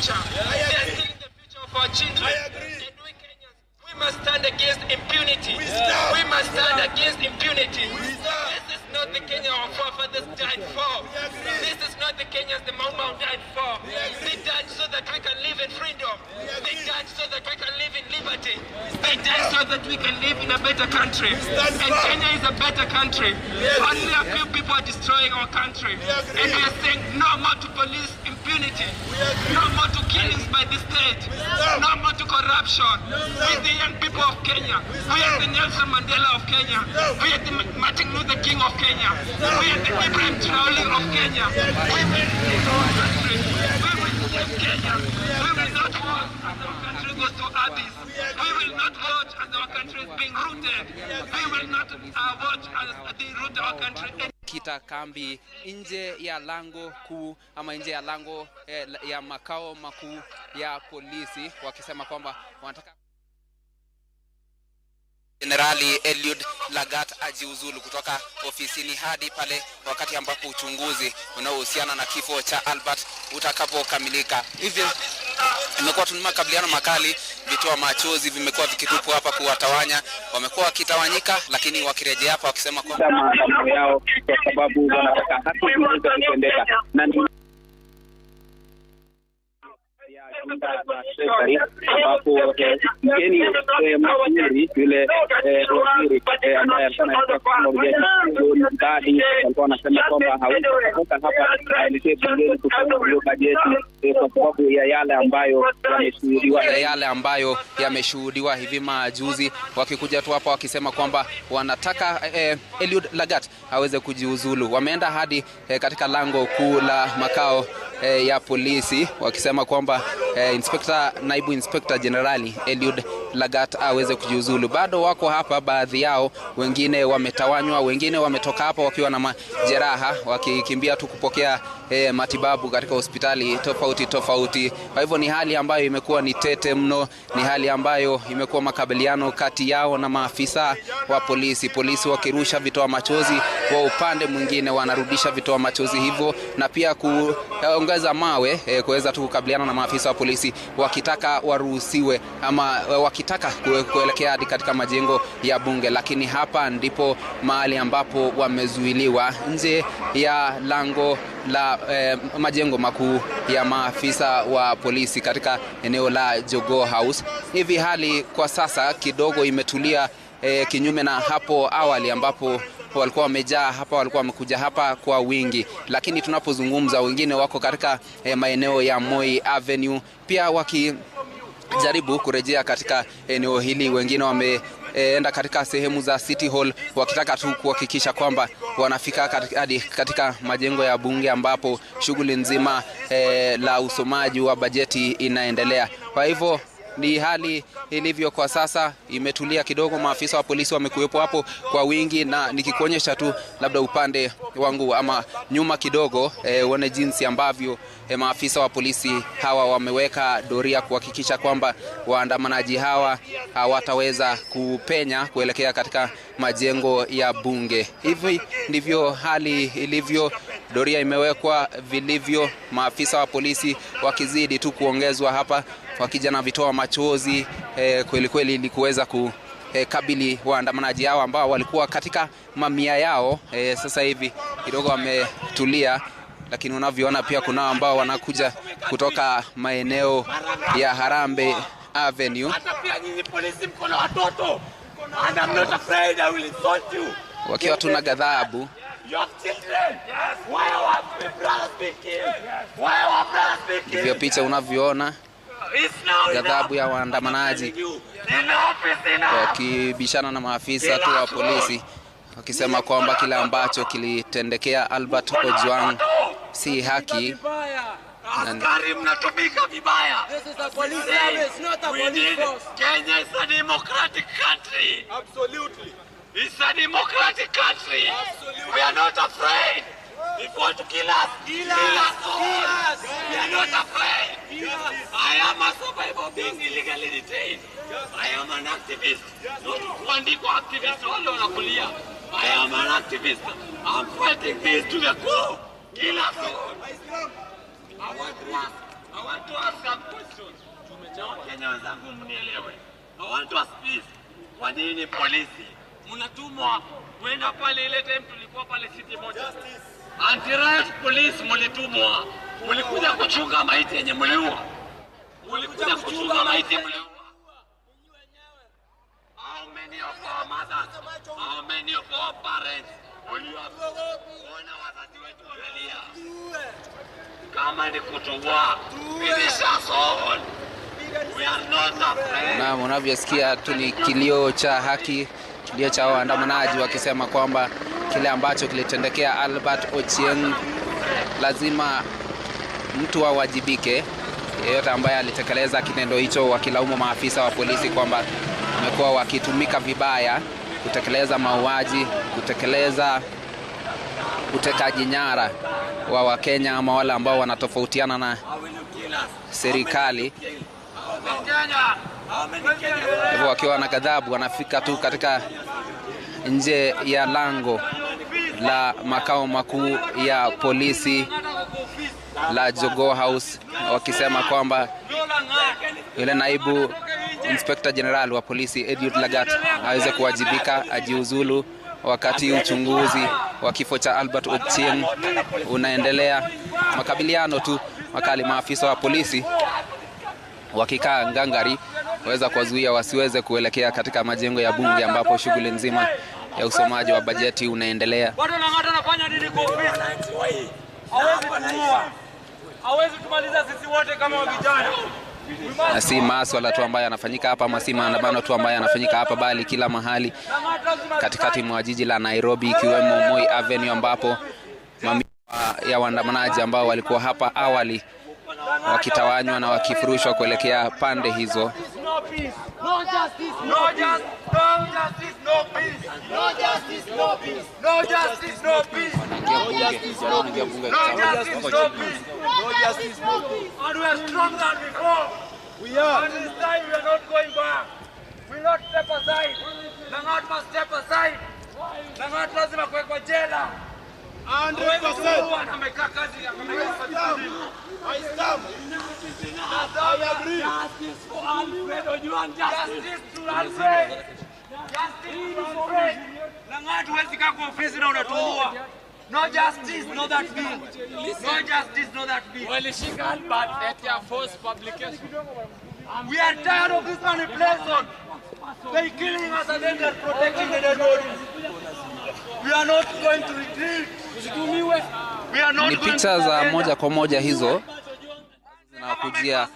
future. Yes. They are stealing the future of our children. I agree. And we Kenyans, we must stand against impunity. We, yeah. we must stand yeah. against impunity. This is not the Kenya our forefathers died for. This is not the Kenyans the Mau Mau died for. They died so that we can live in freedom. They died so that we poverty and then so that we can live in a better country. And Kenya is a better country. Only a few people are destroying our country. And we are saying no more to police impunity, no more to killings by the state, no more to corruption. We are the young people of Kenya. We are the Nelson Mandela of Kenya. We are the Martin Luther King of Kenya. We are the Ibrahim Traore of Kenya. We are the Kenya. We will not watch as our country goes to Addis. We will not watch as our country is being rooted. We will not uh, watch as they root our country kita kambi nje ya lango kuu ama nje ya lango eh, ya makao makuu ya polisi wakisema kwamba wanataka Jenerali Eliud Lagat ajiuzulu kutoka ofisini hadi pale wakati ambapo uchunguzi unaohusiana na kifo cha Albert utakapokamilika. Hivyo imekuwa tuna makabiliano makali, vitoa machozi vimekuwa vikitupwa hapa kuwatawanya. Wamekuwa wakitawanyika, lakini wakirejea hapa wakisema kwa yao, kwa sababu wanataka haki na serikali ambapo eh, mgeni eh, yule waziri eh, ambaye alikuwa Mdadi alikuwa anasema kwamba hawezi kutoka hapa aelekee bungeni kusoma hiyo bajeti kwa sababu ya yale ambayo yameshuhudiwa yale ambayo yameshuhudiwa hivi majuzi, wakikuja tu hapa wakisema kwamba wanataka eh, Eliud Lagat aweze kujiuzulu. Wameenda hadi eh, katika lango kuu la makao eh, ya polisi wakisema kwamba eh, inspekta, naibu inspekta jenerali Eliud Lagat aweze kujiuzulu. Bado wako hapa baadhi yao, wengine wametawanywa, wengine wametoka hapa wakiwa na majeraha, wakikimbia tu kupokea eh, matibabu katika hospitali tofauti tofauti. Kwa hivyo ni hali ambayo imekuwa ni tete mno, ni hali ambayo imekuwa makabiliano kati yao na maafisa wa polisi, polisi wakirusha vitoa machozi, kwa upande mwingine wanarudisha vitoa machozi hivyo, na pia kuongeza mawe eh, kuweza tu kukabiliana na maafisa wa polisi wakitaka waruhusiwe ama waki wanataka kuelekea hadi katika majengo ya bunge, lakini hapa ndipo mahali ambapo wamezuiliwa nje ya lango la eh, majengo makuu ya maafisa wa polisi katika eneo la Jogo House. Hivi hali kwa sasa kidogo imetulia, eh, kinyume na hapo awali ambapo walikuwa wamejaa hapa, walikuwa wamekuja hapa kwa wingi, lakini tunapozungumza wengine wako katika eh, maeneo ya Moi Avenue pia waki jaribu kurejea katika eneo hili. Wengine wameenda katika sehemu za City Hall wakitaka tu kuhakikisha kwamba wanafika hadi katika, katika majengo ya bunge ambapo shughuli nzima eh, la usomaji wa bajeti inaendelea. Kwa hivyo ni hali ilivyo kwa sasa, imetulia kidogo. Maafisa wa polisi wamekuwepo hapo kwa wingi, na nikikuonyesha tu labda upande wangu ama nyuma kidogo, eh, uone jinsi ambavyo e, maafisa wa polisi hawa wameweka doria kuhakikisha kwamba waandamanaji hawa hawataweza kupenya kuelekea katika majengo ya bunge. Hivi ndivyo hali ilivyo. Doria imewekwa vilivyo, maafisa wa polisi wakizidi tu kuongezwa hapa, wakija na vitoa machozi eh, kweli kweli ili kuweza ku E, kabili waandamanaji hao ambao walikuwa katika mamia yao. E, sasa hivi kidogo wametulia, lakini unavyoona pia kuna ambao wanakuja kutoka maeneo ya Harambe Avenue wakiwa tuna ghadhabu Hivyo picha unavyoona ghadhabu ya waandamanaji wakibishana na maafisa tu wa polisi wakisema kwamba kile ambacho kilitendekea Albert Ojwang si haki. Askari mnatumika vibaya. Kenya is a democratic country. Absolutely. It's a democratic country. Absolutely. We are not afraid. If you want to kill us, kill, us, kill us, Kill us all. We are not afraid. I am a survivor of being illegally detained. I am an activist. Not one kuandikwa activist wale wanakulia. I am an activist. I'm fighting this to the core. Kill us all. I want to ask, I want to ask some questions. I want to ask this. What do you need polisi mnatumwa kwenda pale. Ile time tulikuwa pale city moja, anti riot police mlitumwa, mlikuja kuchunga maiti yenye mliua, mlikuja kuchunga maiti mliua. How many of our mothers, how many of our parents uliona wazazi wetu wamelia Kama ni kutuua, finish us all. Naam, unavyosikia tu ni kilio cha haki kilio cha waandamanaji wakisema kwamba kile ambacho kilitendekea Albert Ochieng, lazima mtu awajibike, wa yeyote ambaye alitekeleza kitendo hicho, wakilaumu maafisa wa polisi kwamba wamekuwa wakitumika vibaya kutekeleza mauaji, kutekeleza utekaji nyara wa Wakenya ama wale ambao wanatofautiana na serikali hivyo wakiwa na ghadhabu wanafika tu katika nje ya lango la makao makuu ya polisi la Jogo House wakisema kwamba yule naibu inspekta jenerali wa polisi Edward Lagat aweze kuwajibika, ajiuzulu, wakati uchunguzi wa kifo cha Albert Ochieng unaendelea. Makabiliano tu makali, maafisa wa polisi wakikaa ngangari kuweza kuwazuia wasiweze kuelekea katika majengo ya bunge ambapo shughuli nzima ya usomaji wa bajeti unaendelea. Na si maswala tu ambayo yanafanyika hapa ama si maandamano tu ambayo yanafanyika hapa, bali kila mahali katikati mwa jiji la Nairobi, ikiwemo Moi Avenue ambapo mamia ya waandamanaji ambao walikuwa hapa awali wakitawanywa na wakifurushwa kuelekea pande hizo no peace. No justice, no justice, no justice, no peace. No justice, no peace. No justice, no peace. No justice, no peace. No justice, no peace. No justice, no peace. And we are stronger than before. We are. And this time we are not going back. We will not step aside. Langat must step aside. Langat lazima kuwekwa jela. amekaa kazi Waislamu. I agree. Justice for Alfred Ojwang. Justice to Alfred. Justice to Alfred. Lang'at, huwezi kaa kwa ofisi na unatumbua. No justice, no that bill. No justice, no that bill. Walishika Albert at their first publication. We are tired of this manipulation. They killing us and then they are protecting the dead bodies. We are not going to retreat. Ni picha za moja kwa moja hizo zinakujia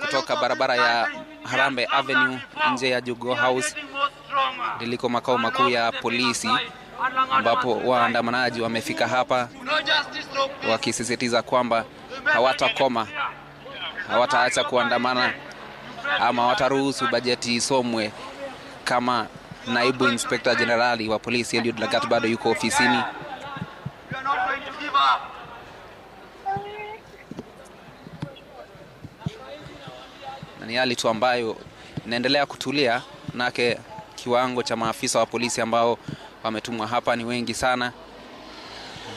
kutoka barabara ya Harambe Avenue nje ya Jugo House liliko makao makuu ya polisi, ambapo waandamanaji wamefika hapa wakisisitiza kwamba hawatakoma, hawataacha kuandamana ama wataruhusu bajeti isomwe kama naibu inspekta jenerali wa polisi Eliud Lagat bado yuko ofisini. Na ni hali tu ambayo inaendelea kutulia, manake kiwango cha maafisa wa polisi ambao wametumwa hapa ni wengi sana,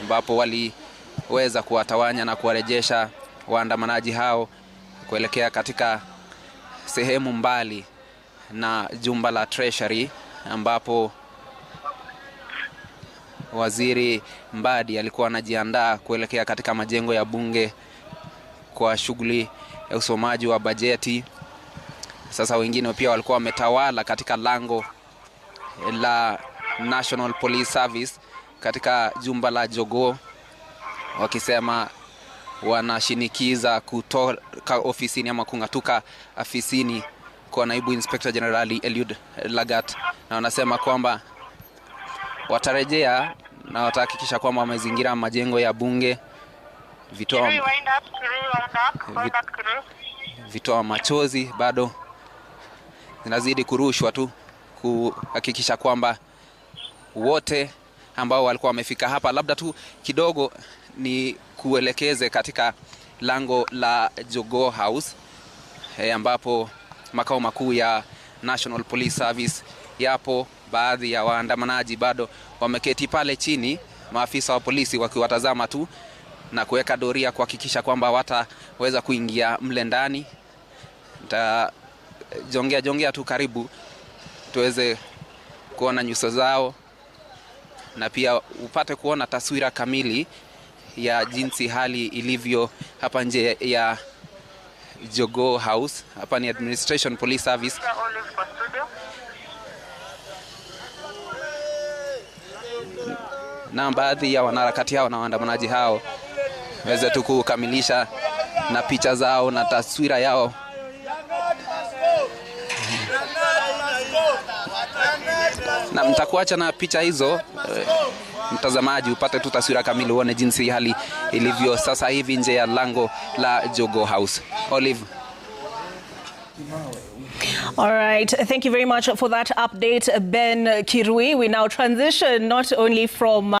ambapo waliweza kuwatawanya na kuwarejesha waandamanaji hao kuelekea katika sehemu mbali na jumba la Treasury ambapo Waziri Mbadi alikuwa anajiandaa kuelekea katika majengo ya bunge kwa shughuli ya usomaji wa bajeti. Sasa wengine pia walikuwa wametawala katika lango la National Police Service katika jumba la Jogoo wakisema wanashinikiza kutoka ofisini ama kung'atuka afisini kwa naibu inspekta jenerali Eliud Lagat, na wanasema kwamba watarejea na watahakikisha kwamba wamezingira majengo ya bunge, vitoa vitoa machozi bado zinazidi kurushwa tu kuhakikisha kwamba wote ambao walikuwa wamefika hapa, labda tu kidogo ni kuelekeze katika lango la jogo House e, ambapo makao makuu ya National Police Service yapo baadhi ya waandamanaji bado wameketi pale chini, maafisa wa polisi wakiwatazama tu na kuweka doria kuhakikisha kwamba wataweza kuingia mle ndani. ntajongea jongea tu karibu tuweze kuona nyuso zao na pia upate kuona taswira kamili ya jinsi hali ilivyo hapa nje ya Jogoo House. Hapa ni Administration Police Service. na baadhi ya wanaharakati hao na waandamanaji hao waweze tu kukamilisha na picha zao na taswira yao na mtakuacha na picha hizo eh, mtazamaji upate tu taswira kamili uone jinsi hali ilivyo sasa hivi nje ya lango la Jogo House. Olive. All right. Thank you very much for that update, Ben Kirui. We now transition not only from